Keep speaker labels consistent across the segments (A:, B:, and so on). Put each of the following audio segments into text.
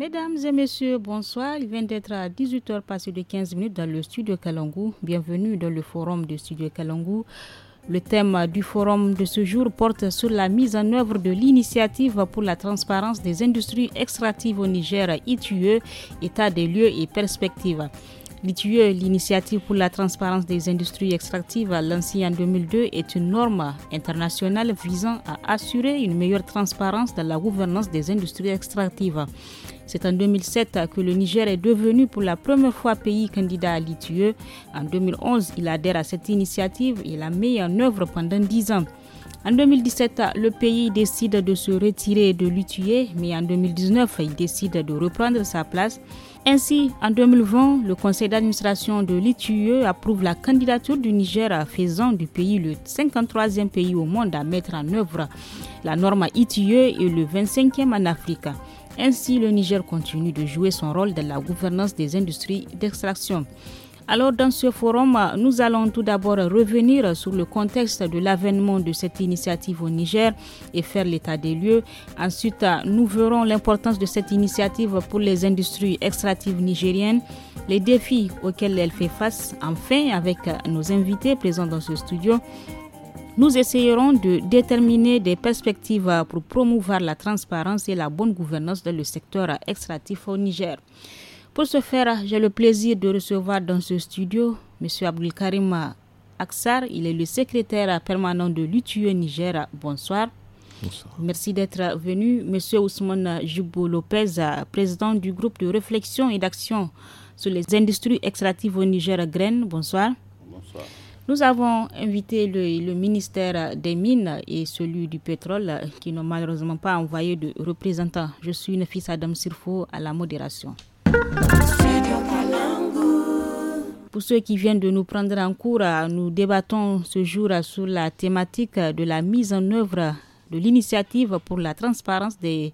A: Mesdames et messieurs, bonsoir. Il vient d'être à 18h passé de 15 minutes dans le studio Kalangou. Bienvenue dans le forum de studio Kalangu. Le thème du forum de ce jour porte sur la mise en œuvre de l'initiative pour la transparence des industries extractives au Niger, ITUE, état des lieux et perspectives. Litueux, l'initiative pour la transparence des industries extractives lancée en 2002, est une norme internationale visant à assurer une meilleure transparence dans la gouvernance des industries extractives. C'est en 2007 que le Niger est devenu pour la première fois pays candidat à l'ITUE. En 2011, il adhère à cette initiative et la met en œuvre pendant 10 ans. En 2017, le pays décide de se retirer de l'ITUE, mais en 2019, il décide de reprendre sa place. Ainsi, en 2020, le conseil d'administration de l'ITUE approuve la candidature du Niger faisant du pays le 53e pays au monde à mettre en œuvre la norme ITUE et le 25e en Afrique. Ainsi, le Niger continue de jouer son rôle dans la gouvernance des industries d'extraction. Alors dans ce forum, nous allons tout d'abord revenir sur le contexte de l'avènement de cette initiative au Niger et faire l'état des lieux. Ensuite, nous verrons l'importance de cette initiative pour les industries extractives nigériennes, les défis auxquels elle fait face. Enfin, avec nos invités présents dans ce studio, nous essayerons de déterminer des perspectives pour promouvoir la transparence et la bonne gouvernance dans le secteur extractif au Niger. Pour ce faire, j'ai le plaisir de recevoir dans ce studio M. Abdelkarim Aksar. Il est le secrétaire permanent de l'UTUE Niger. Bonsoir. Bonsoir. Merci d'être venu. Monsieur Ousmane Jubo Lopez, président du groupe de réflexion et d'action sur les industries extractives au Niger grain. Bonsoir. Nous avons invité le, ministère des Mines et celui du Pétrole qui n'ont malheureusement pas envoyé de représentants. Je suis une fille Adam Sirfo à la modération. Pour ceux qui viennent de nous prendre en cours, nous débattons ce jour sur la thématique de la mise en œuvre de l'initiative pour la transparence des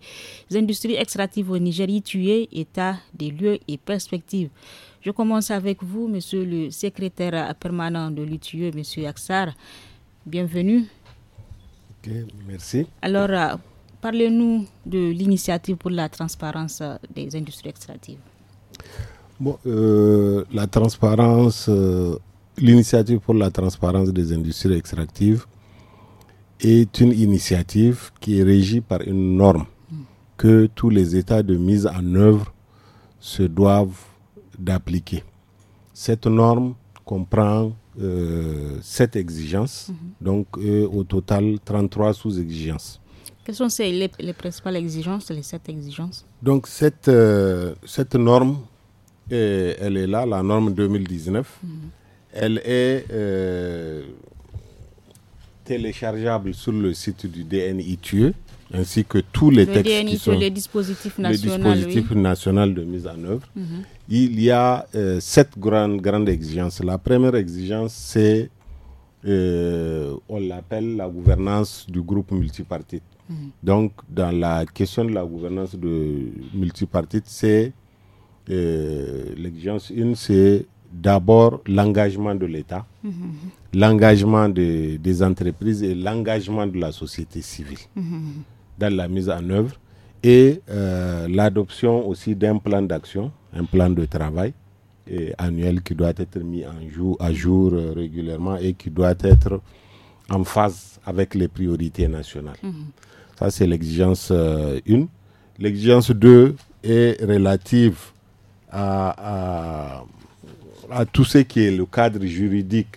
A: industries extractives au Niger, tuer, état des lieux et perspectives. Je commence avec vous, monsieur le secrétaire permanent de l'ITUE, monsieur Aksar. Bienvenue. merci. Alors, Parlez-nous de l'initiative pour la transparence des industries extractives.
B: Euh, la transparence, euh, l'initiative pour la transparence des industries extractives est une initiative qui est régie par une norme hmm. que tous les États de mise en œuvre se doivent d'appliquer. Cette norme comprend euh, sept exigences, hmm. donc euh, au total 33 sous-exigences.
A: Quelles sont les, principales exigences, les sept exigences
B: Donc, cette, euh, cette norme, elle est là, la norme 2019. Mhm. Elle est euh, téléchargeable sur le site du DNITUE, ainsi que tous les le textes DNITUE, qui e, sont... Le dispositif national, le dispositif de mise en œuvre. Mhm. Il y a euh, sept grandes, grandes exigences. La première exigence, c'est, on l'appelle la gouvernance du groupe multipartite Mm-hmm. Donc, dans la question de la gouvernance de multipartite, c'est euh, l'exigence une, c'est d'abord l'engagement de l'État, mm-hmm. l'engagement des entreprises et l'engagement de la société civile mm-hmm. dans la mise en œuvre et euh, l'adoption aussi d'un plan d'action, un plan de travail euh, annuel qui doit être mis en jour, à jour régulièrement et qui doit être en phase avec les priorités nationales. Ça, c'est l'exigence 1. Euh, l'exigence 2 est relative à, à, tout ce qui est le cadre juridique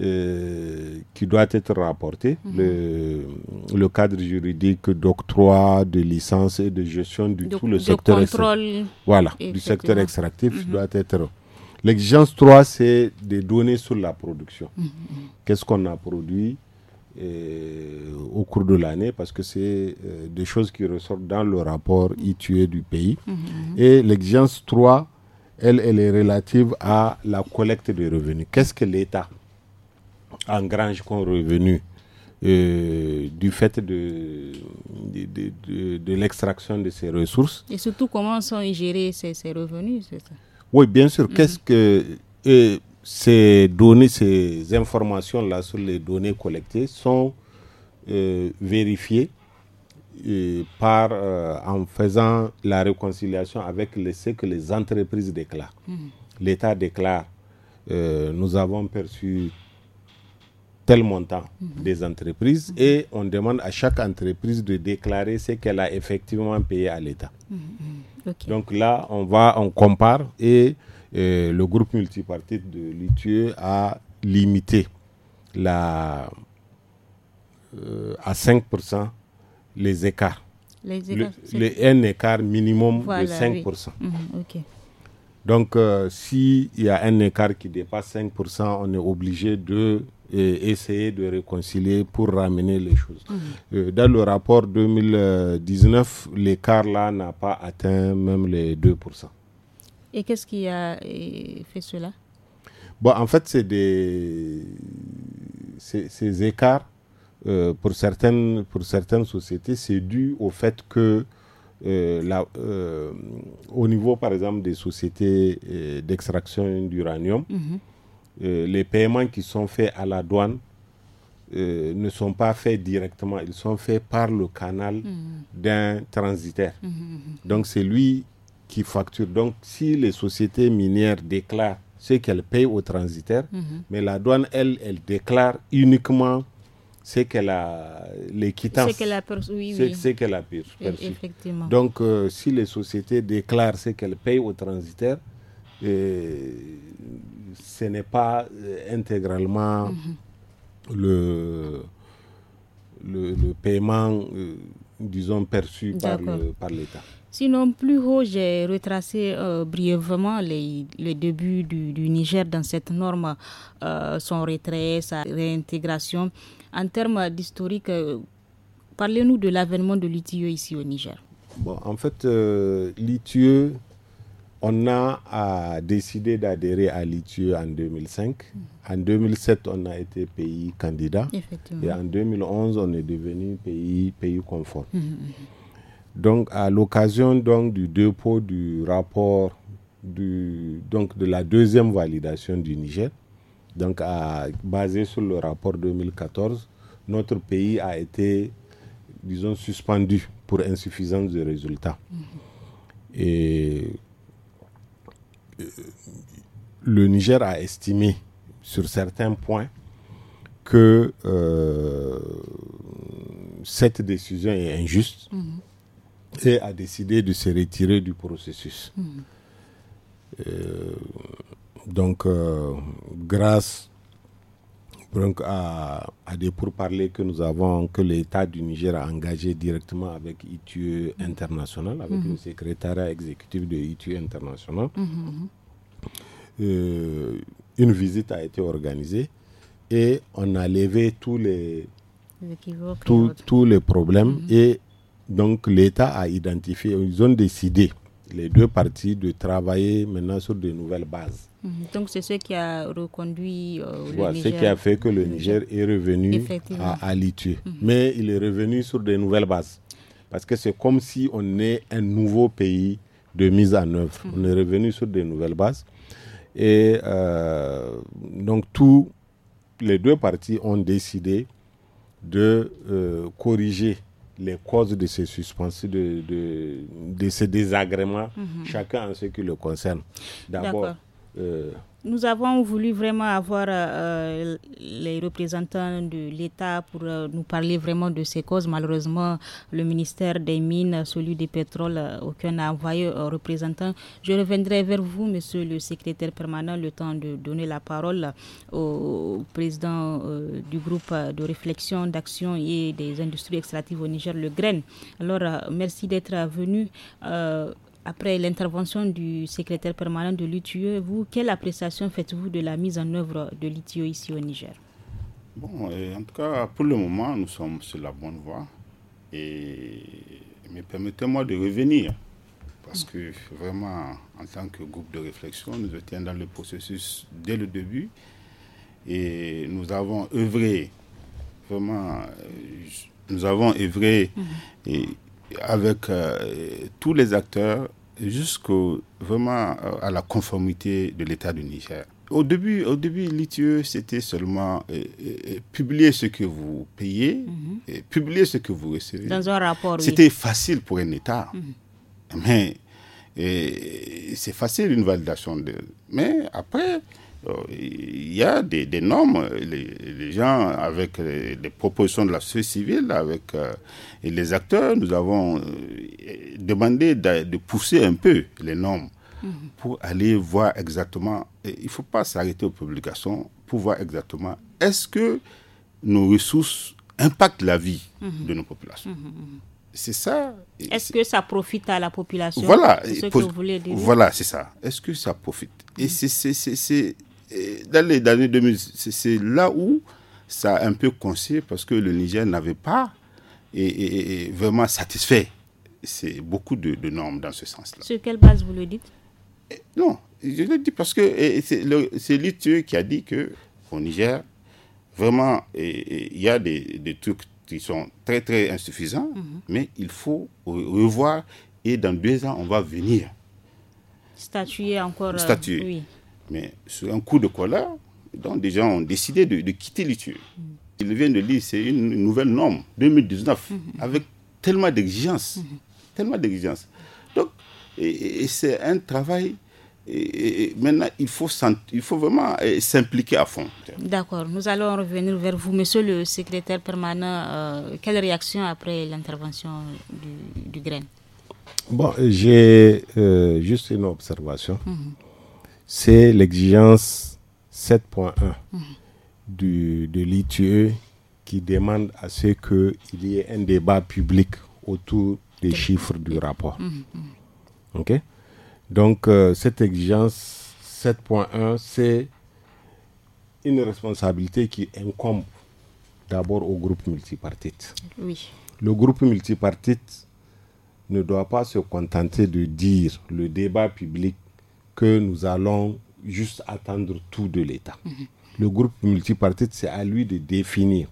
B: euh, qui doit être rapporté, mhm. le, le, cadre juridique d'octroi, de licence et de gestion du tout le secteur extractif. Voilà, du secteur extractif mhm. doit être L'exigence 3, c'est des données sur la production. Mhm, mhm. Qu'est-ce qu'on a produit euh, au cours de l'année Parce que c'est euh, des choses qui ressortent dans le rapport ITUE du pays. Mhm, Et l'exigence 3, elle, elle est relative à la collecte des revenus. Qu'est-ce que l'État engrange comme revenus euh, du fait de, l'extraction de ces ressources.
A: Et surtout, comment sont gérés ces, ces revenus, c'est ça
B: oui, bien sûr. Mhm. Qu'est-ce que ces données, ces informations-là sur les données collectées sont euh, vérifiées euh, par, euh, en faisant la réconciliation avec ce que les entreprises déclarent. Mhm. L'État déclare, nous avons perçu tel montant des entreprises et on demande à chaque entreprise de déclarer ce qu'elle a effectivement payé à l'État.
C: Mm, mm,
B: Donc là, on va, on compare et euh, le groupe multipartite de l'ITU a limité la, euh, à 5% les écarts. Les écarts les un écart minimum de 5%.
A: Mm,
B: Donc, euh, s'il y a un écart qui dépasse 5%, on est obligé de et essayer de réconcilier pour ramener les choses. Mhm. Euh, dans le rapport 2019, l'écart là n'a pas atteint même les 2%.
A: Et qu'est-ce qui a eh, fait cela
B: Bon, en fait, c'est des ces écarts euh, pour certaines pour certaines sociétés, c'est dû au fait que euh, euh au niveau, par exemple, des sociétés d'extraction d'uranium, mhm. Euh, les paiements qui sont faits à la douane euh, ne sont pas faits directement, ils sont faits par le canal mm-hmm. d'un transitaire. Mm-hmm, mm-hmm. Donc c'est lui qui facture. Donc si les sociétés minières déclarent ce qu'elles payent au transitaire, mais la douane, elle, elle déclare uniquement ce qu'elle a les quittances. qu'elle a perçu. Oui, oui. qu'elle a e-, Donc, euh, si les sociétés déclarent ce qu'elles payent au transitaire ce n'est pas euh, intégralement le, le, paiement, euh, disons, perçu par l'État.
A: Sinon, plus haut, j'ai retracé euh, brièvement les, les débuts du, Niger dans cette norme, son retrait, sa réintégration. En termes d'historique, parlez-nous de l'avènement de l'ITIE ici au Niger.
B: Bon, en fait, l'ITIE on a euh, décidé d'adhérer à l'ITU e en 2005. En 2007, on a été pays candidat. Et en 2011, on est devenu pays, pays conforme. Hum, hum, hum. Donc, à l'occasion donc, du dépôt du rapport donc, de la deuxième validation du Niger, donc, basé sur le rapport 2014, notre pays a été, disons, suspendu pour insuffisance de résultats. Et euh, le Niger a estimé sur certains points que euh, cette décision est injuste mhm. et a décidé de se retirer du processus. Mhm. Euh, donc, grâce donc à, parler que nous avons, que l'État du Niger a engagé directement avec ITU e International, avec mhm. le secrétariat exécutif de ITU e International. Mhm, mhm. Euh, une visite a été organisée et on a levé tous les, tous les problèmes et donc l'État a identifié, ils ont décidé, les deux parties, de travailler maintenant sur de nouvelles bases.
A: Mhm. Donc c'est ce qui a reconduit euh, le Ce qui a fait
B: que le Niger est revenu à, à mhm. Mais il est revenu sur de nouvelles bases. Parce que c'est comme si on est un nouveau pays de mise en œuvre. Mhm. On est revenu sur de nouvelles bases. Et euh, donc tous les deux parties ont décidé de euh, corriger les causes de ces suspensions, de, de, ces désagréments, chacun en ce qui le concerne. D'abord,
C: euh,
A: nous avons voulu vraiment avoir euh, euh, les représentants de l'État pour nous parler vraiment de ces causes. Malheureusement, le ministère des Mines, celui des pétroles, aucun n'a envoyé un représentant. Je reviendrai vers vous, monsieur le secrétaire permanent, le temps de donner la parole au président du groupe de réflexion, d'action et des industries extractives au Niger, le GREN. Alors, merci d'être venu après l'intervention du secrétaire permanent de l'UTIE, vous, quelle appréciation faites-vous de la mise en œuvre de l'UTIE ici au Niger
D: Bon, euh, en tout cas, pour le moment, nous sommes sur la bonne voie. Et, mais permettez-moi de revenir, parce que vraiment, en tant que groupe de réflexion, nous étions dans le processus dès le début et nous avons œuvré, vraiment, euh, nous avons œuvré mhm. et avec euh, tous les acteurs jusqu'au vraiment euh, à la conformité de l'État du Niger. Au début, au début, c'était seulement euh, publier ce que vous payez, mhm. et publier ce que vous recevez. Dans
A: un rapport, C'était
D: facile pour un État. Mhm. Mais c'est facile une validation de. Mais après, il y a des, normes. Les, gens, avec les, propositions de la société civile, avec euh, et les acteurs, nous avons euh, demandé de, pousser un peu les normes mhm. pour aller voir exactement. il ne faut pas s'arrêter aux publications pour voir exactement est-ce que nos ressources impactent la vie mhm. de nos populations. Mhm, c'est ça.
A: Est-ce que ça profite à la population Voilà. C'est Voilà,
D: c'est ça. Est-ce que ça profite Et c'est dans les années 2000, c'est là où ça a un peu coincé parce que le Niger n'avait pas et, vraiment satisfait. C'est beaucoup de, normes dans ce sens-là. Sur
A: quelle base vous le dites
D: Non, je le dis parce que c'est l'ITU qui a dit que au Niger, vraiment, il y a des, trucs qui sont très très insuffisants, mhm. mais il faut revoir et dans deux ans, on va venir.
A: Statuer encore. Euh, Statuer. oui.
D: Mais sur un coup de colère, donc des gens ont décidé de, quitter l'Étude. Mm-hmm. Ils viennent de lire, c'est une nouvelle norme, 2019, mm-hmm. avec tellement d'exigences. Mm-hmm. Tellement d'exigences. Donc, c'est un travail. maintenant, il faut, vraiment euh, s'impliquer à fond.
A: D'accord. Nous allons revenir vers vous, monsieur le secrétaire permanent. Euh, quelle réaction après l'intervention du, grain
B: Bon, j'ai euh, juste une observation c'est l'exigence 7.1 mhm. de l'ITE qui demande à ce qu'il y ait un débat public autour des chiffres du rapport. Mhm, mhm. ok Donc, euh, cette exigence 7.1, c'est une responsabilité qui incombe d'abord au groupe multipartite. Le groupe multipartite ne doit pas se contenter de dire le débat public que nous allons juste attendre tout de l'État. Mhm. Le groupe multipartite, c'est à lui de définir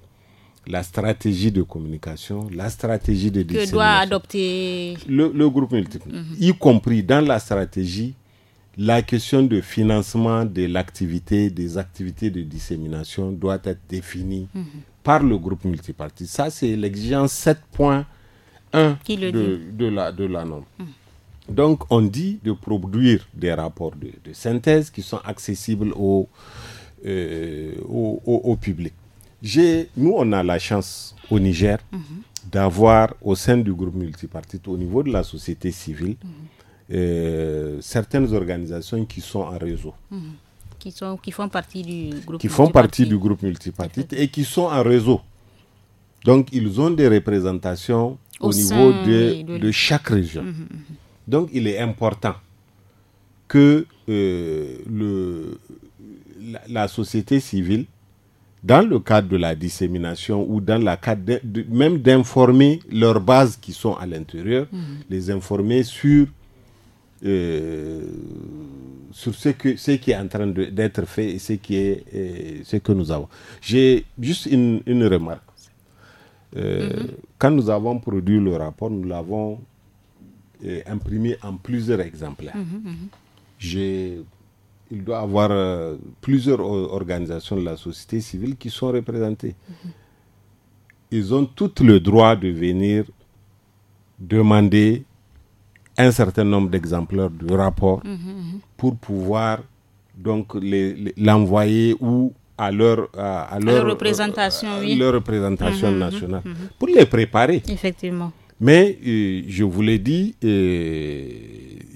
B: la stratégie de communication, la stratégie de dissémination. Que doit
A: adopter
B: le, groupe multipartite, mhm. y compris dans la stratégie, la question de financement de l'activité, des activités de dissémination doit être définie mhm. par le groupe multipartite. Ça, c'est l'exigence 7.1 de, de, la, de la norme. Donc, on dit de produire des rapports de, synthèse qui sont accessibles au, euh, public. Nous, on a la chance au Niger mhm. d'avoir au sein du groupe multipartite, au niveau de la société civile, mhm. euh, certaines organisations qui sont en réseau.
A: Mhm. Qui, qui font partie du groupe qui font
B: partie du groupe multipartite et qui sont en réseau. Donc ils ont des représentations au, niveau de, chaque région. Donc il est important que euh, la, société civile, dans le cadre de la dissémination ou dans le cadre même d'informer leurs bases qui sont à l'intérieur, mhm. les informer sur euh, sur ce, qui est en train d'être fait et ce, qui est, euh, que nous avons. J'ai juste une, remarque. Mhm. Quand nous avons produit le rapport, nous l'avons imprimé en plusieurs exemplaires. il doit y avoir euh, plusieurs organisations de la société civile qui sont représentées. Ils ont tout le droit de venir demander un certain nombre d'exemplaires du rapport pour pouvoir donc l'envoyer ou à leur, à, leur, représentation, euh, leur représentation mhm, mhm, nationale mhm. pour les préparer. Effectivement. Mais euh, je vous l'ai dit, euh,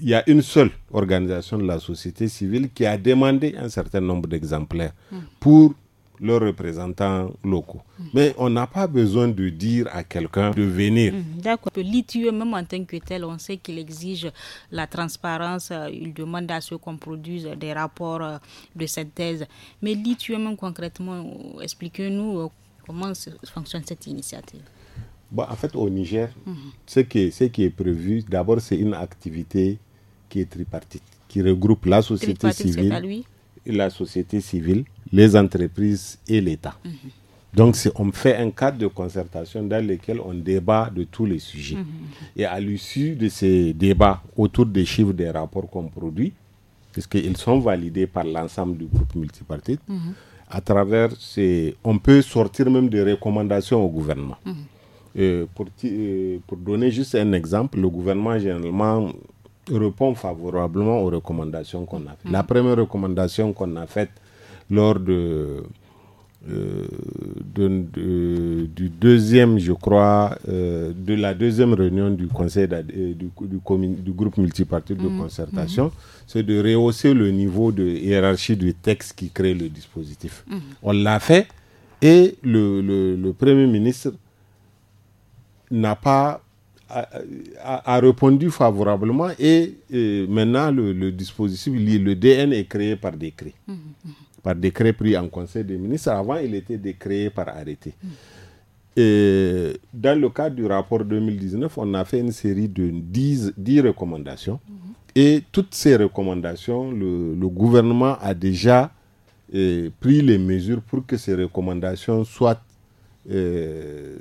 B: il y a une seule organisation de la société civile qui a demandé un certain nombre d'exemplaires
A: hmm. pour
B: leurs représentants locaux. Hmm. Mais on n'a pas besoin de dire à quelqu'un de venir.
A: Hmm, d'accord. L'ITUE, même en tant que tel, on sait qu'il exige la transparence, euh, il demande à ceux qu'on produise des rapports de synthèse. Mais l'ITUE, même concrètement, expliquez-nous comment fonctionne cette initiative
B: en fait, au Niger, ce, qui est, prévu, d'abord, c'est une activité qui est tripartite, qui regroupe la société civile, la société civile, les entreprises et l'État. Mhm. Donc, on fait un cadre de concertation dans lequel on débat de tous les sujets. Mhm. Et à l'issue de ces débats autour des chiffres des rapports qu'on produit, puisqu'ils sont validés par l'ensemble du groupe multipartite, mhm. à travers ces, on peut sortir même des recommandations au gouvernement pour, pour, donner juste un exemple, le gouvernement généralement répond favorablement aux recommandations qu'on a faites. Mm. La première recommandation qu'on a faite lors de, euh, du deuxième, je crois, euh, de la deuxième réunion du conseil euh, du, du, groupe multipartite de mm. concertation, mm. c'est de rehausser le niveau de hiérarchie du texte qui crée le dispositif. On l'a fait et le, le Premier ministre n'a pas a, répondu favorablement et, maintenant le, dispositif, le DN est créé par décret. Mmh, mmh. Par décret pris en Conseil des ministres. Avant, il était décréé par arrêté. Mmh. Et dans le cadre du rapport 2019, on a fait une série de 10, 10 recommandations. Et toutes ces recommandations, le, gouvernement a déjà eh, pris les mesures pour que ces recommandations soient prise euh,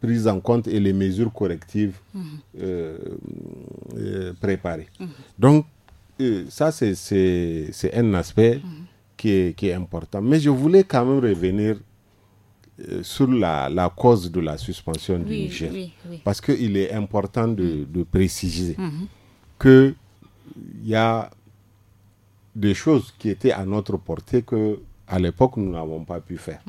B: prises en compte et les mesures correctives mhm. euh, euh, préparées. Mhm. Donc, ça, c'est un aspect mhm. qui, est, important. Mais je voulais quand même revenir sur la, cause de la suspension du Niger. Parce qu'il est important de, de préciser qu'il y a des choses qui étaient à notre portée que à l'époque nous n'avons pas pu faire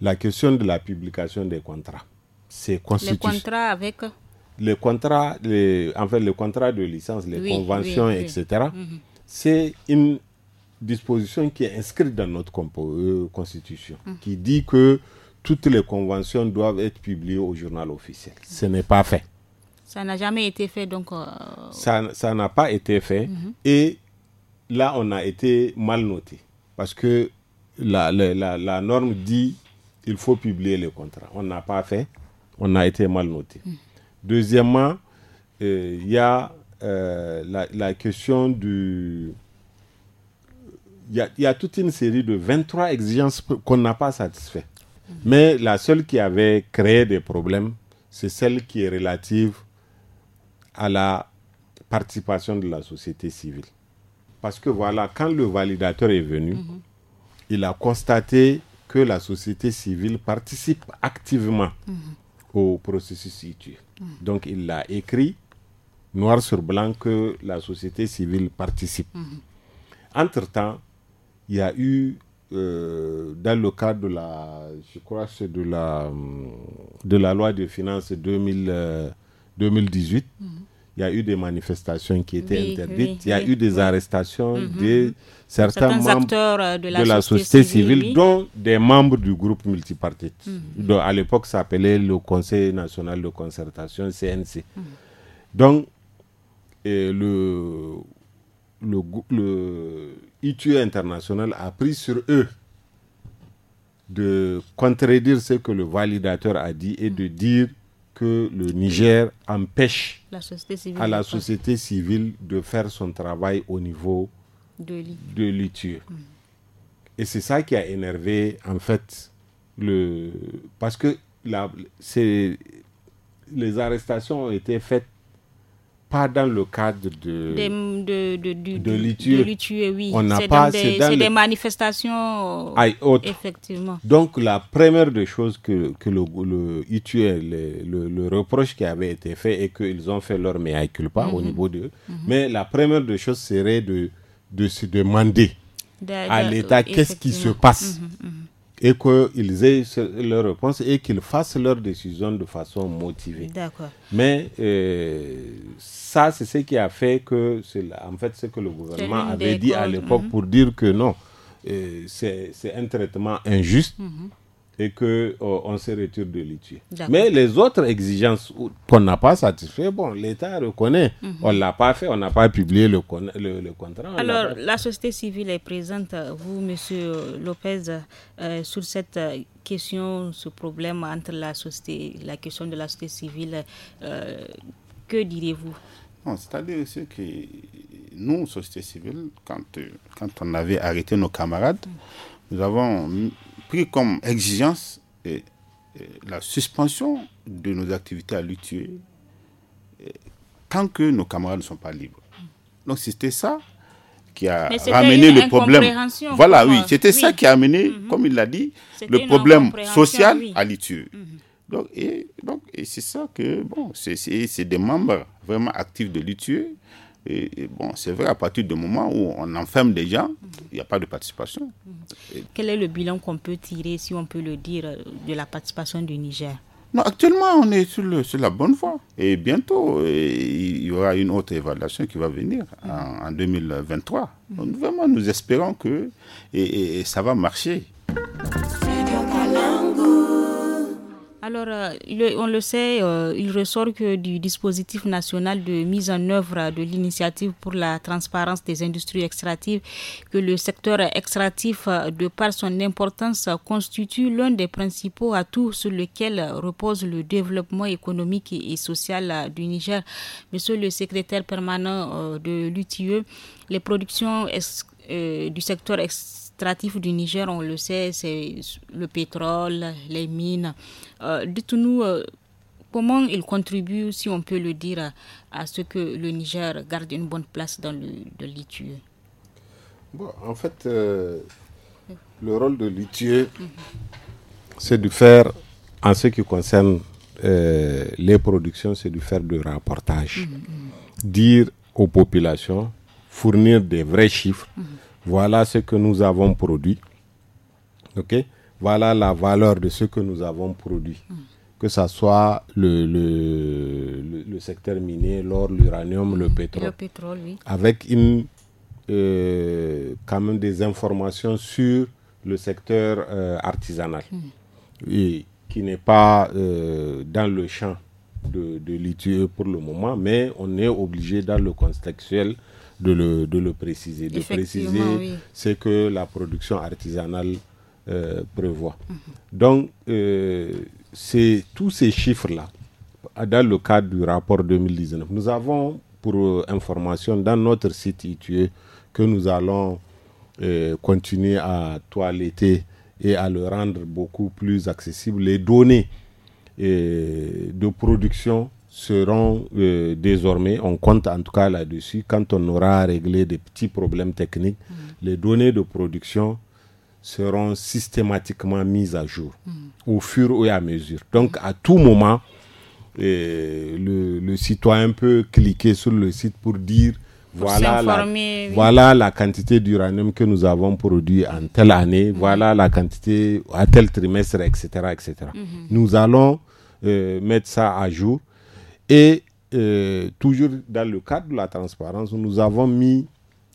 B: la question de la publication des contrats. C'est Les
A: contrats avec
B: Les contrats, les, en fait, les contrats de licence, les conventions, etc. Mhm. C'est une disposition qui est inscrite dans notre euh, constitution, mhm. qui dit que toutes les conventions doivent être publiées au journal officiel. Ce n'est pas fait.
A: Ça n'a jamais été fait, donc. Euh,
B: ça n'a pas été fait. Mhm. Et là, on a été mal noté. Parce que la, la norme dit il faut publier le contrat. On n'a pas fait, on a été mal noté. Deuxièmement, euh, il y a euh, la, question du... Il y a, toute une série de 23 exigences qu'on n'a pas satisfaites. Mais la seule qui avait créé des problèmes, c'est celle qui est relative à la participation de la société civile. Parce que voilà, quand le validateur est venu, mm-hmm. il a constaté que la société civile participe activement au processus situé. Donc il l'a écrit noir sur blanc que la société civile participe. Entre-temps, il y a eu, euh, dans le cadre de la, je crois de la, de la loi de finances 2018, il y a eu des manifestations qui étaient interdites, il y a eu des arrestations mhm. de certains, membres euh, de la, société, civile, dont des membres du groupe multipartite. Mhm. à l'époque, ça s'appelait le Conseil national de concertation, CNC. Mhm. Donc, euh, le, le, e international a pris sur eux de contredire ce que le validateur a dit et de dire que le Niger empêche
C: à la société
B: civile de faire son travail au niveau de l'étude. Mm. Et c'est ça qui a énervé, en fait, le... parce que la, les arrestations ont été faites pas dans le cadre de de, de, Oui. On n'a pas. C'est des,
A: manifestations. Euh, effectivement.
B: Donc la première des choses que, que le, le, reproche qui avait été fait et qu'ils ont fait leur mea culpa au mhm. niveau de. Mhm. Mais la première des choses serait de, de se demander à l'État euh, qu'est-ce qui se passe. Mhm, et qu'ils aient leur réponse et qu'ils fassent leur décision de façon motivée. Mais euh, ça, c'est ce qui a fait que, en fait, ce que le gouvernement avait dit à l'époque mhm. pour dire que non, euh, c'est un traitement injuste. Mhm et qu'on euh, on se retire de l'étude. Mais les autres exigences qu'on n'a pas satisfait, bon, l'État reconnaît. Mhm. On ne l'a pas fait, on n'a pas publié le, le, contrat. Alors,
A: la société civile est présente, vous, Monsieur Lopez, euh, sur cette question, ce problème entre la société, la question de la société civile. Euh,
D: que direz-vous c'est-à-dire aussi que nous, société civile, quand, quand on avait arrêté nos camarades, mhm. nous avons pris comme exigence la suspension de nos activités à l'UTUE tant que nos camarades ne sont pas libres. Donc c'était ça qui a ramené le problème. Voilà, oui, c'était ça qui a amené, mhm. comme il l'a dit, le problème social à l'ITU. Mhm. Donc, et, donc, et c'est ça que, bon, c'est des membres vraiment actifs de l'UTUE. Et, bon, c'est vrai, à partir du moment où on enferme des gens, mhm. il n'y a pas de participation. Mhm.
A: Quel est le bilan qu'on peut tirer, si on peut le dire, de la participation du Niger
D: actuellement, on est sur, la bonne voie. Et bientôt, il y aura une autre évaluation qui va venir en, 2023. Mhm. Donc, vraiment, nous espérons que ça va marcher.
A: Alors, euh, on le sait, euh, il ressort que du dispositif national de mise en œuvre de l'initiative pour la transparence des industries extractives, que le secteur extractif, euh, de par son importance, constitue l'un des principaux atouts sur lesquels repose le développement économique et, social du Niger. Monsieur le secrétaire permanent de l'UTE, les productions du secteur extractif administratif du Niger, on le sait, c'est le pétrole, les mines. Euh, dites-nous euh, comment il contribue, si on peut le dire, à, ce que le Niger garde une bonne place dans le de e?
B: en fait, euh, le rôle de l'itier c'est de faire, en ce qui concerne les productions, c'est de faire du rapportage, mhm, mhm. dire aux populations, fournir des vrais chiffres mhm. Voilà ce que nous avons produit. OK Voilà la valeur de ce que nous avons produit. Hmm. Que ce soit le, le, secteur minier, l'or, l'uranium, le hmm. pétrole. Le pétrole oui. Avec euh, quand même des informations sur le secteur euh, artisanal. Hmm. qui n'est pas euh, dans le champ de, de pour le moment, mais on est obligé dans le contextuel de le, de le préciser. De préciser ce que la production artisanale euh, prévoit. Donc, euh, c'est tous ces chiffres-là, dans le cadre du rapport 2019, nous avons pour euh, information dans notre site ITUE que nous allons continuer à toiletter et à le rendre beaucoup plus accessible, les données de production seront euh, désormais, on compte en tout cas là-dessus, quand on aura réglé des petits problèmes techniques, mm. les données de production seront systématiquement mises à jour mm. au fur et à mesure. Donc à tout moment, euh, le, citoyen peut cliquer sur le site pour dire voilà, la, voilà la quantité d'uranium que nous avons produit en telle année, mm. voilà la quantité à tel trimestre, etc. etc. Mm-hmm. Nous allons euh, mettre ça à jour et euh, toujours dans le cadre de la transparence, nous avons mis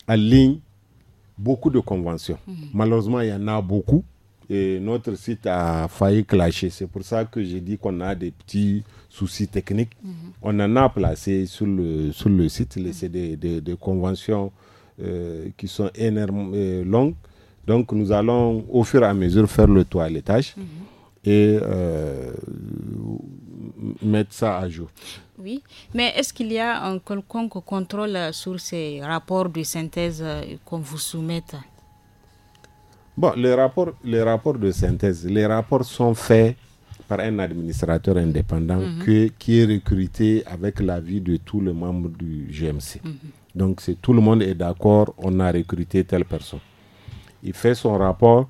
B: en ligne beaucoup de conventions. Mhm. Malheureusement, il y en a beaucoup. Et notre site a failli clasher. C'est pour ça que j'ai dit qu'on a des petits soucis techniques. Mhm. On en a placé sur le, sur le site. Mhm. C'est des, conventions euh, qui sont énormément euh, longues. Donc nous allons au fur et à mesure faire le toilettage. Et mettre ça à jour.
A: Oui, mais est-ce qu'il y a un quelconque contrôle sur ces rapports de synthèse euh, qu'on vous soumette
B: Bon, les rapports, les rapports de synthèse, les rapports sont faits par un administrateur indépendant mhm. qui est recruté avec l'avis de tous les membres du GMC. Mhm. Donc, si tout le monde est d'accord, on a recruté telle personne. Il fait son rapport,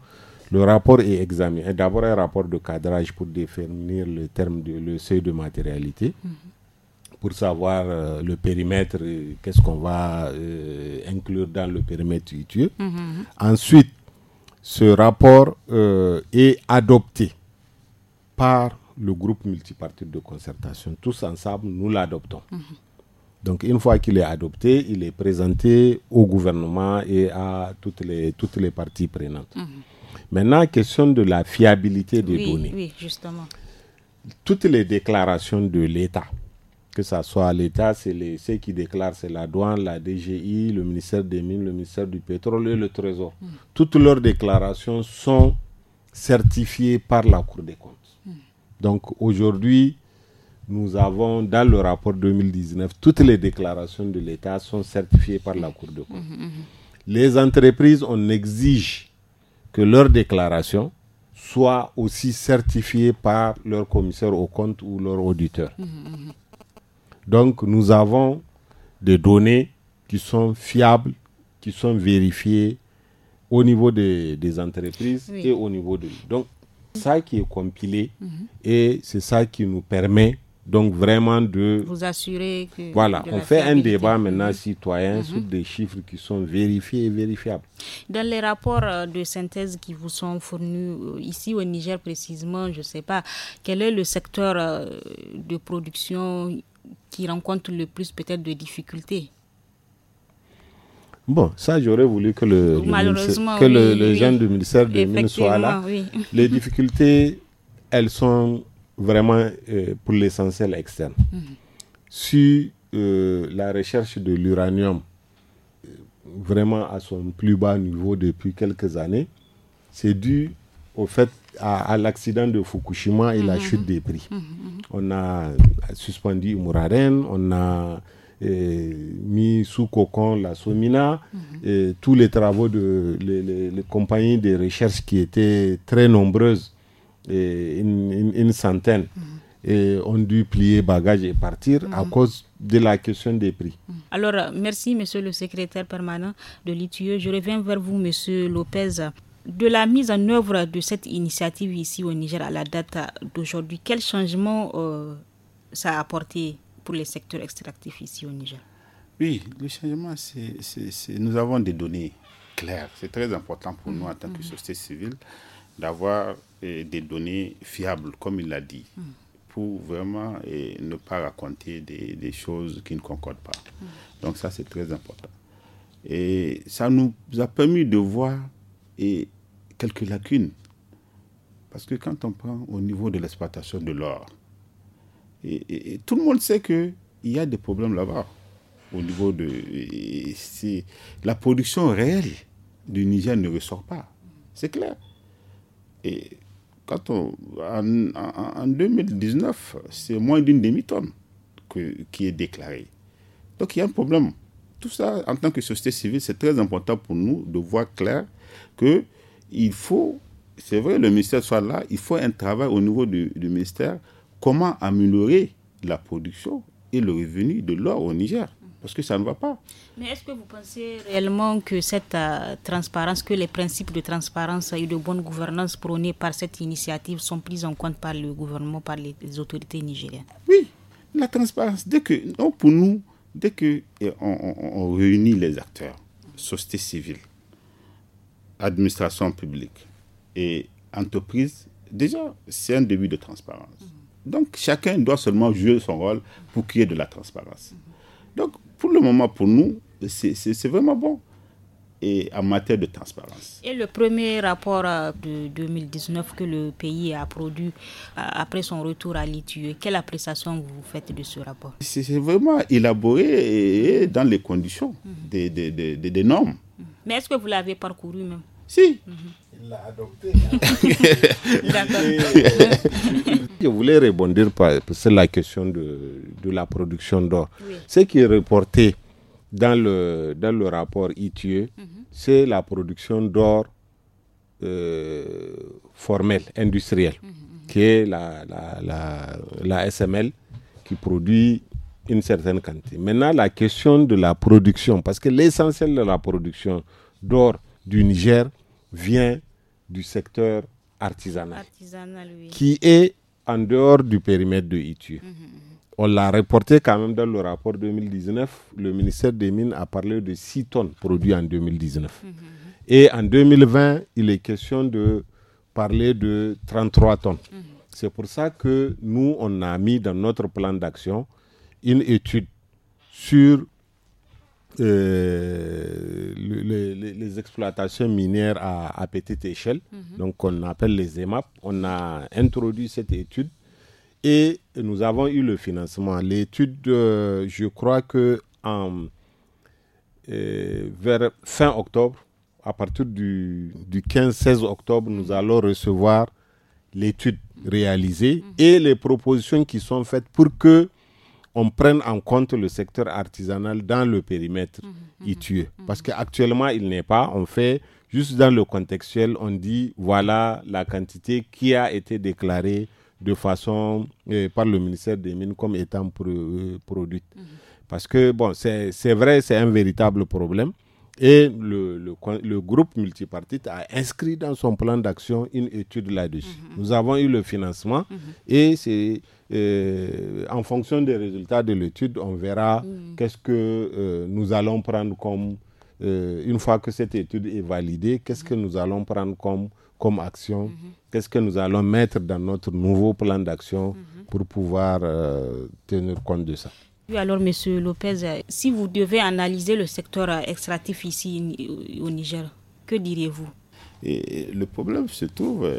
B: le rapport est examiné. D'abord, un rapport de cadrage pour définir le terme de, seuil de matérialité, mhm. pour savoir euh, le périmètre, euh, qu'est-ce qu'on va euh, inclure dans le périmètre utile. Mhm, mhm. Ensuite, ce rapport est adopté par le groupe multipartite de concertation. Tous ensemble, nous l'adoptons. Donc, une fois qu'il est adopté, il est présenté au gouvernement et à toutes les, toutes les parties prenantes. Maintenant, question de la fiabilité des données.
A: Oui, justement.
B: Toutes les déclarations de l'État, que ce soit l'État, c'est ceux qui déclarent, c'est la douane, la DGI, le ministère des Mines, le ministère du Pétrole et le Trésor. Hmm. Toutes leurs déclarations sont certifiées par la Cour des comptes. Hmm. Donc aujourd'hui, nous avons dans le rapport 2019, toutes les déclarations de l'État sont certifiées par la Cour des comptes. Hmm, les entreprises, on exige que leur déclaration soit aussi certifiée par leur commissaire au compte ou leur auditeur. Mmh, mmh, mmh. Donc nous avons des données qui sont fiables, qui sont vérifiées au niveau des, entreprises et au niveau de... Donc ça qui est compilé et c'est ça qui nous permet donc vraiment de... Vous assurer que... Voilà, on fait un débat maintenant mhm. citoyen mhm. sur des chiffres qui sont vérifiés et vérifiables.
A: Dans les rapports euh, de synthèse qui vous sont fournis euh, ici au Niger précisément, je sais pas, quel est le secteur euh, de production qui rencontre le plus peut-être de difficultés
B: Bon, ça, j'aurais voulu que le, que le, ministère de Mines soit là. Les difficultés, elles sont vraiment euh, pour l'essentiel externe. Mhm. Si euh, la recherche de l'uranium, euh, vraiment à son plus bas niveau depuis quelques années, c'est dû au fait à, l'accident de Fukushima et la mhm. chute des prix. Mhm, on a suspendu Muraren, on a mis sous cocon la Somina, et tous les travaux de les compagnies de recherche qui étaient très nombreuses une, centaine mhm. et ont dû plier bagages et partir à mhm. cause de la question des prix. Mhm.
A: Alors, euh, merci, monsieur le secrétaire permanent de l'ITUE. Je reviens vers vous, monsieur Lopez. De la mise en œuvre de cette initiative ici au Niger à la date d'aujourd'hui, quel changement euh, ça a apporté pour les secteurs extractifs
D: ici au Niger Oui, le changement, c'est nous avons des données claires. C'est très important pour nous en tant que société civile d'avoir des données fiables, comme il l'a dit, mm. pour vraiment eh, ne pas raconter des, choses qui ne concordent pas. Mm. Donc ça, c'est très important. Et ça nous a permis de voir eh, quelques lacunes. Parce que quand on prend au niveau de l'exploitation de l'or, eh, tout le monde sait qu'il y a des problèmes là-bas. Au niveau de. la production réelle du Niger ne ressort pas. C'est clair. Et en, 2019, c'est moins d'une demi-tonne qui est déclarée. Donc il y a un problème. Tout ça, en tant que société civile, c'est très important pour nous de voir clair que il faut, c'est vrai, le ministère soit là, il faut un travail au niveau du ministère, comment améliorer la production et le revenu de l'or au Niger parce que ça ne va pas.
A: Mais est-ce que vous pensez réellement que cette euh, transparence, que les principes de transparence et de bonne gouvernance prônés par cette initiative sont pris en compte par le gouvernement, par les, autorités nigériennes
D: Oui, la transparence, dès que, pour nous, dès que eh, on, réunit les acteurs, société civile, administration publique et entreprise, déjà, c'est un début de transparence. Mm-hmm. Donc, chacun doit seulement jouer son rôle pour qu'il y de la transparence. Mm-hmm. Donc, pour le moment, pour nous, c'est vraiment bon. Et en matière de transparence.
A: Et le premier rapport euh, de 2019 que le pays a produit euh, après son retour à l'ITU, quelle appréciation vous faites de ce rapport
D: C'est vraiment élaboré et dans les conditions mhm. des, normes.
A: Mais est-ce que vous l'avez parcouru même
D: Si. Mhm.
B: Je voulais rebondir sur la question de, la production d'or. Ce qui est reporté dans le, le rapport ITIE, mhm. c'est la production d'or euh, formelle, industrielle, mhm, mhm. qui est la, SML qui produit une certaine quantité. Maintenant, la question de la production, parce que l'essentiel de la production d'or du Niger vient du secteur artisanal, qui est en dehors du périmètre de ITU. Mhm, mhm. On l'a reporté quand même dans le rapport 2019. Le ministère des Mines a parlé de 6 tonnes produites en 2019. Mhm, Et en 2020, il est question de parler de 33 tonnes. C'est pour ça que nous, on a mis dans notre plan d'action une étude sur euh, les exploitations minières à, petite échelle, mhm. donc qu'on appelle les EMAP. On a introduit cette étude et nous avons eu le financement. L'étude, euh, je crois que en, euh, vers fin octobre, à partir du, du 15-16 octobre, nous mhm. allons recevoir l'étude réalisée mhm. et les propositions qui sont faites pour que on prenne en compte le secteur artisanal dans le périmètre mmh, Parce qu'actuellement, il n'est pas. On fait juste dans le contextuel, on dit voilà la quantité qui a été déclarée de façon euh, par le ministère des Mines comme étant euh, produite. Mhm. Parce que, bon, c'est vrai, c'est un véritable problème. Et le, le, groupe multipartite a inscrit dans son plan d'action une étude là-dessus. Mhm. Nous avons eu le financement mhm. et c'est euh, en fonction des résultats de l'étude, on verra qu'est-ce que euh, nous allons prendre comme, euh, une fois que cette étude est validée, qu'est-ce que mhm. nous allons prendre comme, comme action, qu'est-ce que nous allons mettre dans notre nouveau plan d'action pour pouvoir tenir compte de ça
A: alors, Monsieur Lopez, si vous devez analyser le secteur extractif ici au Niger, que diriez-vous
D: le problème se trouve euh,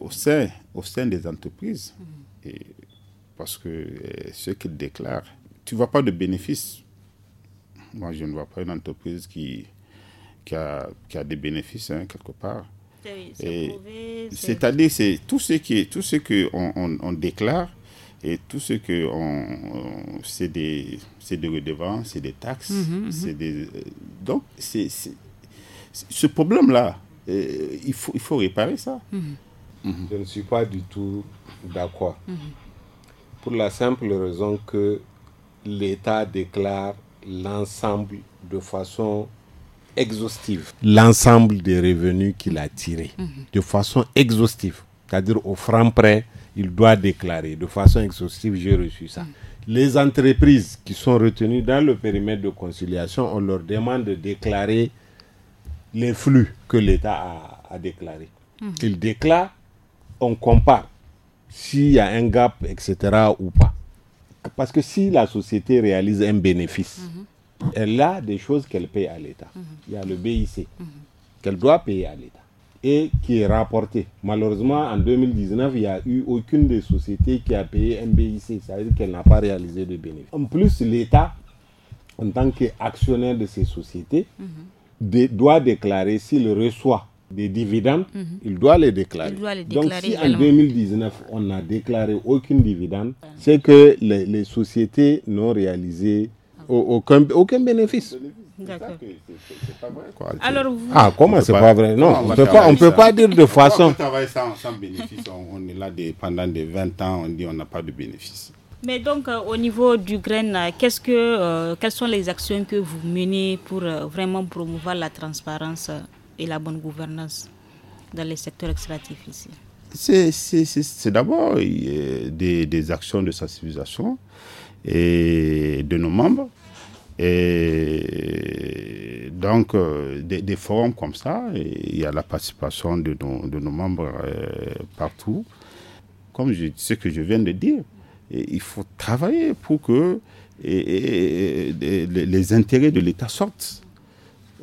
D: au, sein, au sein des entreprises. Mhm. Et parce que euh, ce qu'ils déclarent, tu ne vois pas de bénéfices. Moi, je ne vois pas une entreprise qui, qui, a, des bénéfices hein, quelque part. C'est-à-dire, c'est tout ce tout ce qu'on on déclare, et tout ce que on, c'est des, c'est des redevances, c'est des taxes, mhm, mhm. c'est des. Euh, donc, c'est, ce problème-là, euh, il, faut, il faut réparer ça. Mhm.
B: Je ne suis pas du tout d'accord. Pour la simple raison que l'État déclare l'ensemble de façon exhaustive, l'ensemble des revenus qu'il a tirés, de façon exhaustive, c'est-à-dire au franc près il doit déclarer de façon exhaustive, j'ai reçu ça. Les entreprises qui sont retenues dans le périmètre de conciliation, on leur demande de déclarer les flux que l'État a, déclarés. Mhm. Ils on compare s'il y a un gap, etc. ou pas. Parce que si la société réalise un bénéfice, mhm. elle a des choses qu'elle paye à l'État. Mhm. Il y a le BIC qu'elle doit payer à l'État et qui est rapporté. Malheureusement, en 2019, il n'y a eu aucune des sociétés qui a payé MBIC. cest à dire qu'elle n'a pas réalisé de bénéfice. En plus, l'État, en tant qu'actionnaire de ces sociétés, mhm. doit déclarer s'il reçoit des dividendes, mhm. il, doit les déclarer. Donc, si en 2019, on n'a déclaré aucune dividende, c'est que les, sociétés n'ont réalisé aucun bénéfice.
C: D'accord. C'est pas
D: vrai. Alors Ah, comment c'est pas, vrai
B: Non, on ne peut, pas, peut pas dire de façon. On travaille
D: sans, bénéfice. On, est là de, pendant des 20 ans, on dit on n'a pas de bénéfice.
A: Mais donc, euh, au niveau du grain, euh, qu'est-ce que, euh, quelles sont les actions que vous menez pour vraiment promouvoir la transparence et la bonne gouvernance dans les secteurs extractifs ici
D: C'est d'abord des, des actions de sensibilisation et de nos membres et donc, euh, des, forums comme ça, il y a la participation de nos, membres euh, partout. Comme ce que je viens de dire, il faut travailler pour que et, les intérêts de l'État sortent.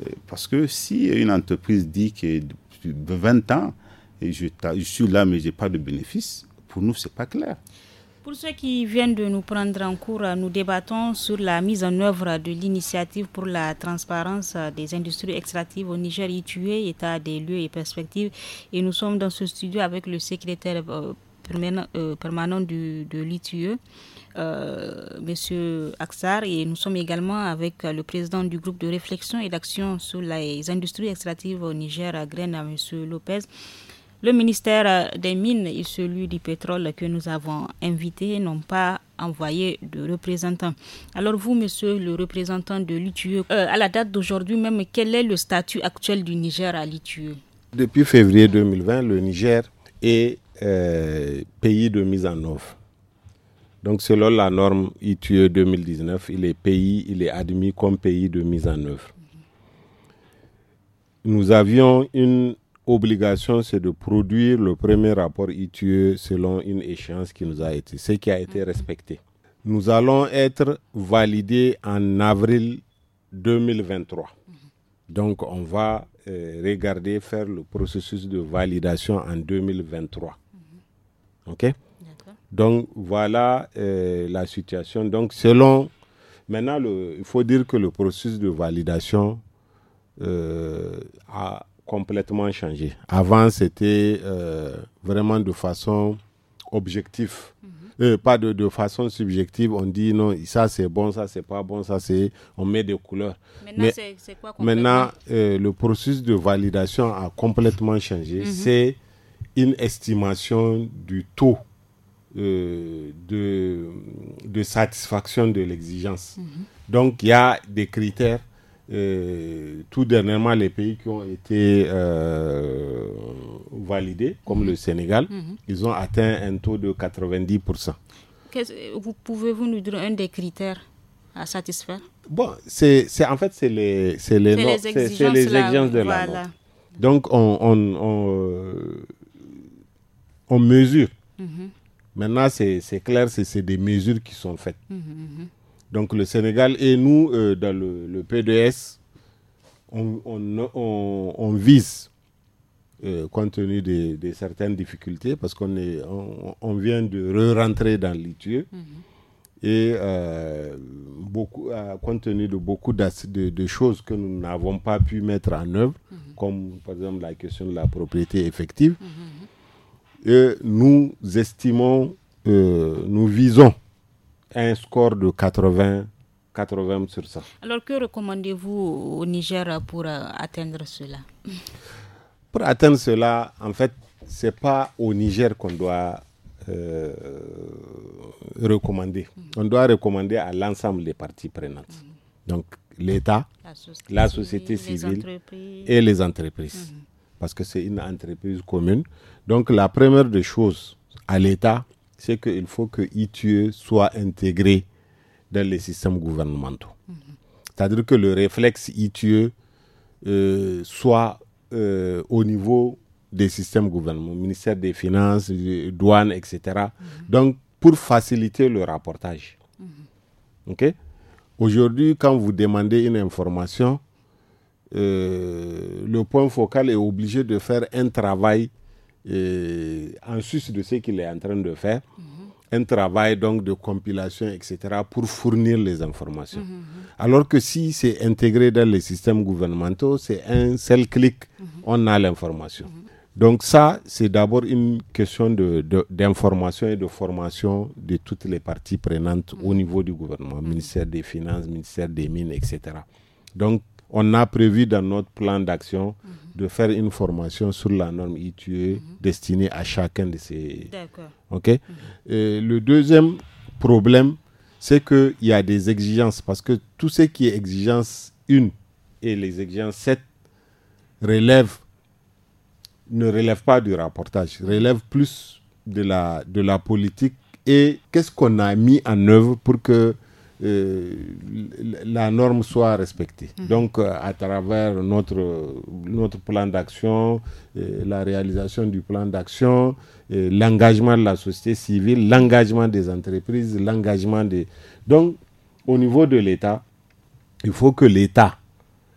D: Euh, parce que si une entreprise dit que depuis 20 ans, je, suis là mais je n'ai pas de bénéfice, pour nous, ce n'est pas clair.
A: Pour ceux qui viennent de nous prendre en cours, nous débattons sur la mise en œuvre de l'initiative pour la transparence des industries extractives au Niger, ITUE, état des lieux et perspectives. Et nous sommes dans ce studio avec le secrétaire euh, permanent euh, de l'ITUE, euh, M. Aksar, et nous sommes également avec le président du groupe de réflexion et d'action sur les industries extractives au Niger, à Graine, M. Lopez. Le ministère euh, des Mines et celui du pétrole que nous avons invité n'ont pas envoyé de représentants. Alors vous, monsieur le représentant de l'ITUE, euh, à la date d'aujourd'hui même, quel est le statut actuel du Niger à l'ITUE
B: Depuis février 2020, le Niger est euh, pays de mise en œuvre. Donc selon la norme ITUE 2019, il est pays, il est admis comme pays de mise en œuvre. Nous avions une obligation, c'est de produire le premier rapport ITUE selon une échéance qui nous a été, ce qui a été mhm. respecté. Nous allons être validés en avril 2023. Mhm. Donc, on va euh, regarder faire le processus de validation en 2023. Mhm. OK Donc, voilà euh, la situation. Donc, selon. Maintenant, il faut dire que le processus de validation euh, a complètement changé. Avant, c'était euh, vraiment de façon objective. Mhm. Euh, pas de, façon subjective, on dit non, ça c'est bon, ça c'est pas bon, ça c'est. On met des couleurs. Maintenant, c'est quoi Maintenant, euh, le processus de validation a complètement changé. Mhm. C'est une estimation du taux de, de satisfaction de l'exigence. Mhm. Donc, il y a des critères tout dernièrement, les pays qui ont été euh, validés, comme mhm. le Sénégal, mhm. ils ont atteint un taux de 90%.
A: Vous pouvez-vous nous donner un des critères à satisfaire Bon,
B: c'est en fait, c'est les, exigences, de la Donc, on, on, euh, mesure. Mhm. Maintenant, c'est clair, c'est des mesures qui sont faites. Donc le Sénégal et nous, euh, dans le, PDS, on, vise, euh, compte tenu de, certaines difficultés, parce qu'on est, on, vient de re-rentrer dans l'étude mhm. et euh, beaucoup, compte tenu de beaucoup de, choses que nous n'avons pas pu mettre en œuvre, mhm. comme par exemple la question de la propriété effective, mhm. nous estimons, nous visons un score de 80, 80 sur 100.
A: Alors que recommandez-vous au Niger pour euh, atteindre cela
B: Pour atteindre cela, en fait, ce n'est pas au Niger qu'on doit euh, recommander. Mm-hmm. On doit recommander à l'ensemble des parties prenantes. Mm-hmm. Donc l'État, la société, civile et les entreprises. Mm-hmm. Parce que c'est une entreprise commune. Donc la première des choses à l'État, c'est qu'il faut que ITE soit intégré dans les systèmes gouvernementaux. Mhm. C'est-à-dire que le réflexe Itue euh, soit euh, au niveau des systèmes gouvernementaux, ministère des Finances, douane, etc. Mhm. Donc, pour faciliter le rapportage. Mhm. Aujourd'hui, quand vous demandez une information, euh, le point focal est obligé de faire un travail et euh, en sus de ce qu'il est en train de faire, un travail donc de compilation, etc., pour fournir les informations. Alors que si c'est intégré dans les systèmes gouvernementaux, c'est un seul clic, on a l'information. Donc ça, c'est d'abord une question d'information de, d'information et de formation de toutes les parties prenantes au niveau du gouvernement, ministère des Finances, ministère des Mines, etc. Donc on a prévu dans notre plan d'action de faire une formation sur la norme ITUE mhm. destinée à chacun de ces. D'accord. OK. Mhm. le deuxième problème, c'est qu'il y a des exigences, parce que tout ce qui est exigence 1 et les exigences 7 relèvent, ne relèvent pas du rapportage, relèvent plus de la, de la politique et qu'est-ce qu'on a mis en œuvre pour que euh, la norme soit respectée. Mhm. Donc, euh, à travers notre, notre plan d'action, euh, la réalisation du plan d'action, l'engagement de la société civile, l'engagement des entreprises, l'engagement des... Donc, au niveau de l'État, il faut que l'État,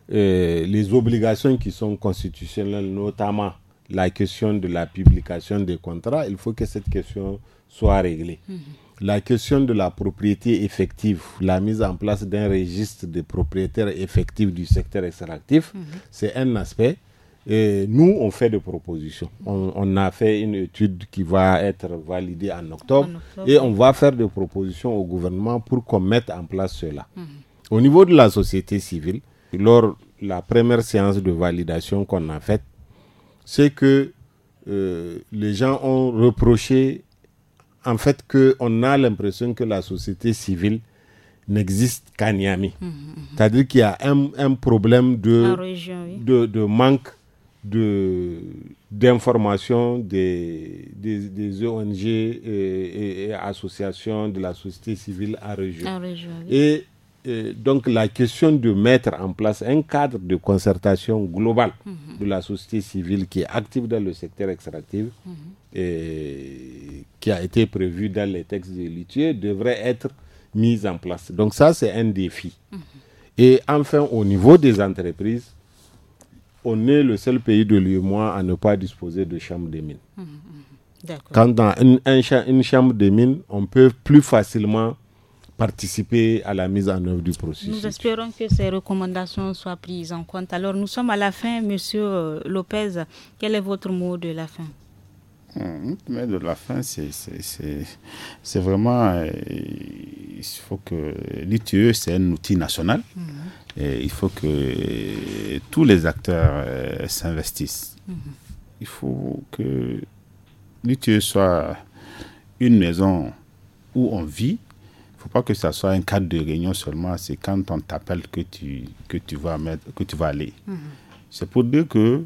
B: les obligations qui sont constitutionnelles, notamment la question de la publication des contrats, il faut que cette question soit réglée. Mhm la question de la propriété effective, la mise en place d'un registre des propriétaires effectifs du secteur extractif, mhm. c'est un aspect. Et nous, on fait des propositions. On, a fait une étude qui va être validée en octobre, et on va faire des propositions au gouvernement pour qu'on mette en place cela. Mhm. Au niveau de la société civile, lors la première séance de validation qu'on a faite, c'est que euh, les gens ont reproché en fait qu'on a l'impression que la société civile n'existe qu'à Niamey. Mhm, mhm. C'est-à-dire qu'il y a un, problème de, manque de, d'informations des, ONG et, associations de la société civile à région. et, donc la question de mettre en place un cadre de concertation globale mhm. de la société civile qui est active dans le secteur extractif qui a été prévu dans les textes de l'UTIE devrait être mise en place. Donc ça, c'est un défi. Mhm. Et enfin, au niveau des entreprises, on est le seul pays de l'UE à ne pas disposer de chambre des mines. Mhm, mhm. Quand dans une, chambre de mines, on peut plus facilement participer à la mise en œuvre du processus. Nous
A: espérons que ces recommandations soient prises en compte. Alors, nous sommes à la fin, Monsieur euh, Lopez. Quel est votre mot de la fin
D: Mm, mais de la fin, c'est vraiment. Euh, il faut que. L'ITE, c'est un outil national. Mm-hmm. Et il faut que euh, tous les acteurs euh, s'investissent. Mm-hmm. Il faut que l'ITE soit une maison où on vit. Il ne faut pas que ça soit un cadre de réunion seulement. C'est quand on t'appelle que tu, que, tu vas que tu vas aller. Mm-hmm. C'est pour dire que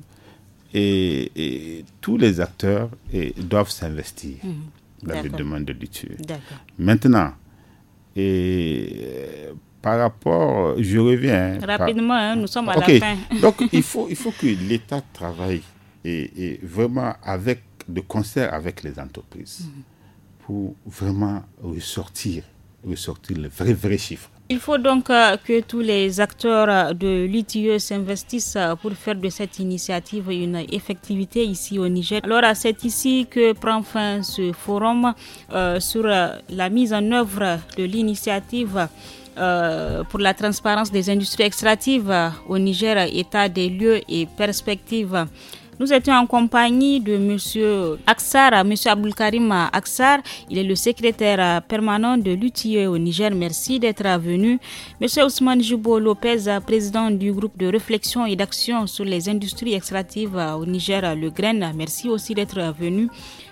D: et, tous les acteurs doivent s'investir mhm. dans les demandes de Maintenant, et euh, par rapport, je reviens. Hein, Rapidement, hein, nous sommes à la fin. Donc, il faut, il faut que l'État travaille et, vraiment avec, de concert avec les entreprises mhm. pour vraiment ressortir, ressortir les vrais, vrais chiffres.
A: Il faut donc euh, que tous les acteurs euh, de l'ITIE s'investissent euh, pour faire de cette initiative une effectivité ici au Niger. Alors c'est ici que prend fin ce forum sur la mise en œuvre de l'initiative. pour la transparence des industries extractives au Niger, état des lieux et perspectives. Nous étions en compagnie de M. Aksar, M. Aboulkarim Aksar. Il est le secrétaire permanent de l'UTIE au Niger. Merci d'être venu. M. Ousmane Jubo Lopez, président du groupe de réflexion et d'action sur les industries extractives au Niger, le Grain. Merci aussi d'être venu.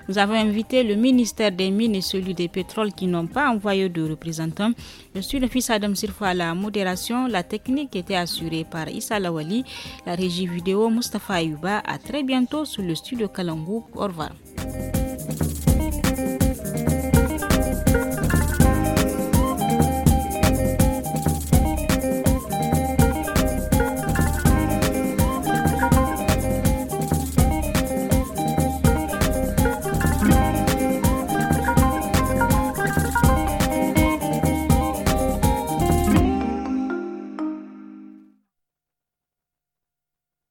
A: Nous avons invité le ministère des Mines et celui des Pétroles qui n'ont pas envoyé de représentants. Je suis le fils Adam Sirfo à la modération. La technique était assurée par Issa Lawali, la régie vidéo Mustafa Ayuba. À très bientôt sur le studio Kalangou. Au revoir.